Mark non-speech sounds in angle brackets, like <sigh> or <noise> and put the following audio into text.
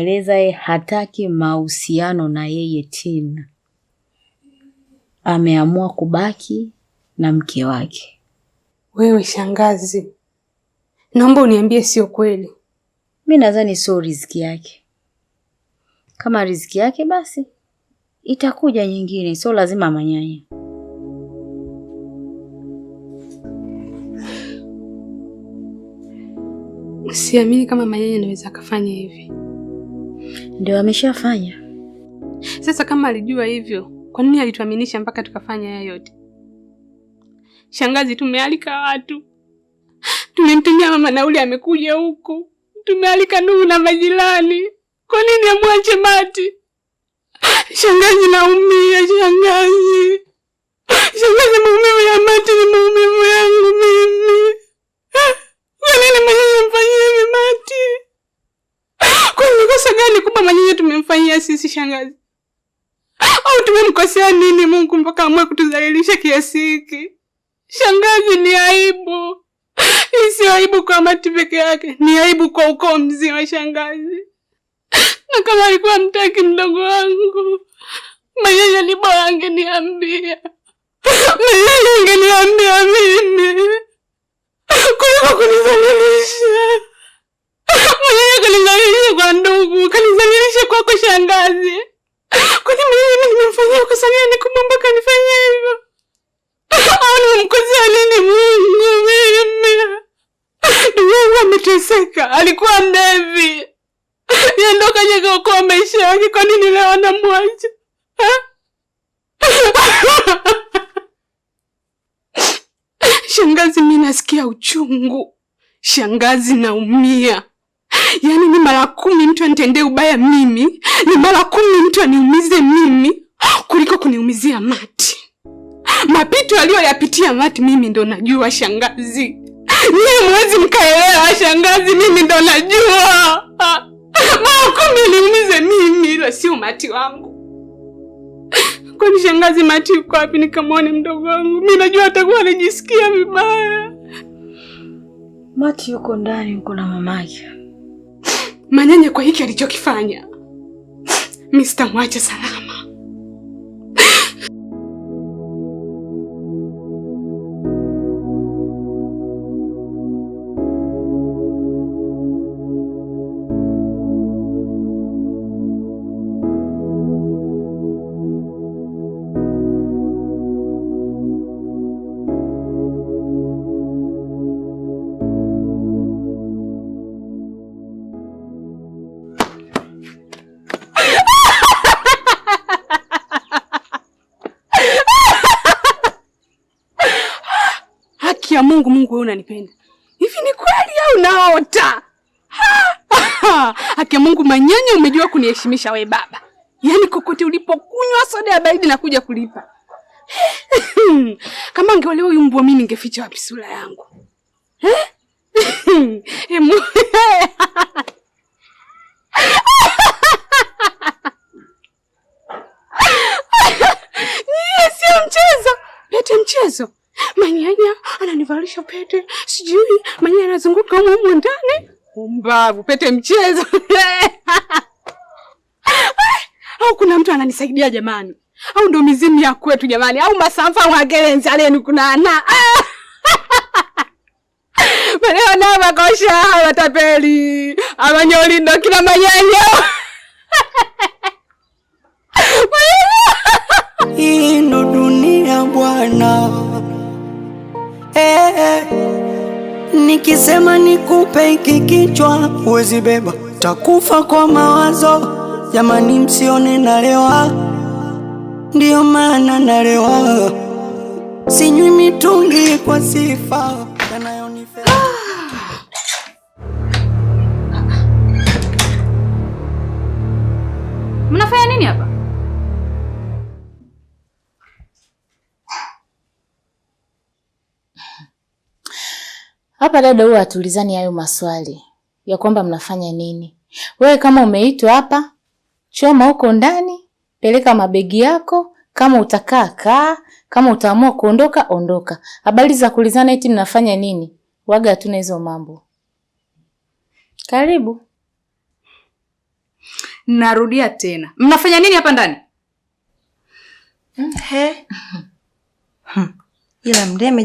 Eleza ye hataki mahusiano na yeye tena, ameamua kubaki na mke wake. Wewe shangazi, naomba uniambie sio kweli. Mi nadhani sio riziki yake. Kama riziki yake, basi itakuja nyingine, sio lazima manyanya. Siamini kama manyanya anaweza akafanya hivi. Ndio ameshafanya. Sasa kama alijua hivyo, kwa nini alituaminisha mpaka tukafanya haya yote? Shangazi, tumealika watu, tumemtumia mama nauli, amekuja huku, tumealika ndugu na majirani. Kwa nini amwache Mati? Shangazi, naumia shangazi, shangazi ametufanyia sisi shangazi? Au tumemkosea nini Mungu mpaka amwe kutudhalilisha kiasi hiki? Shangazi, ni aibu. Isiyo aibu kwa Mati peke yake, ni aibu kwa ukoo mzima shangazi. Na kama alikuwa mtaki mdogo wangu Mayeye, ni bora angeniambia. Mayeye angeniambia mimi kuliko kunizalilisha. kazi. nini mimi nimemfanyia kosa gani kumwomba kanifanyia hivyo? Au nimemkosea nini Mungu mimi? Ndugu yangu ameteseka, alikuwa mlevi. Yeye ndo kaja kuokoa maisha yake, kwa nini leo anamwacha? Shangazi, mimi nasikia uchungu. Shangazi, naumia. Yaani ni mara kumi mtu anitendee ubaya mimi, ni mara kumi mtu aniumize mimi kuliko kuniumizia Mati. Mapito aliyoyapitia Mati mimi ndo najua shangazi. Niye mwezi mkaelewa shangazi, mimi ndo najua mara kumi aniumize mimi, ila sio Mati wangu. Kwani shangazi, Mati yuko wapi nikamwone mdogo wangu? Mi najua atakuwa anijisikia vibaya. Mati yuko ndani huko na mamake. Manyanya kwa hiki alichokifanya, mr Mwacha salama. ya Mungu, Mungu wewe unanipenda hivi, ni kweli au naota? <laughs> Ake Mungu manyanya, umejua kuniheshimisha we baba, yaani kokote ulipokunywa soda ya baridi na kuja kulipa <laughs> kama angeolewa huyu mbwa, mimi ningeficha wapi sura yangu Nyie <laughs> sio mchezo, pete mchezo manyanya ananivalisha pete, sijui manyanya anazunguka humo ndani. Umbavu pete mchezo <laughs> au kuna mtu ananisaidia jamani? Au ndo mizimu ya kwetu jamani? Au masamfa mwagelenzi aleni kunana <laughs> maneo navakosha watapeli amanyolindo kila manyanya <laughs> nikisema nikupe hiki kichwa uwezi beba, takufa kwa mawazo. Jamani, msione nalewa, ndiyo maana nalewa, sinywi mitungi kwa sifa ah. Mnafanya nini hapa? Hapa dada huwa hatulizani hayo maswali ya kwamba mnafanya nini. Wewe kama umeitwa hapa, choma huko ndani, peleka mabegi yako. Kama utakaa kaa, kama utaamua kuondoka ondoka. Habari za kulizana eti mnafanya nini, waga hatuna hizo mambo. Karibu. Narudia tena, mnafanya nini hapa ndani? Hmm, he. Ila hmm. hmm. mdeme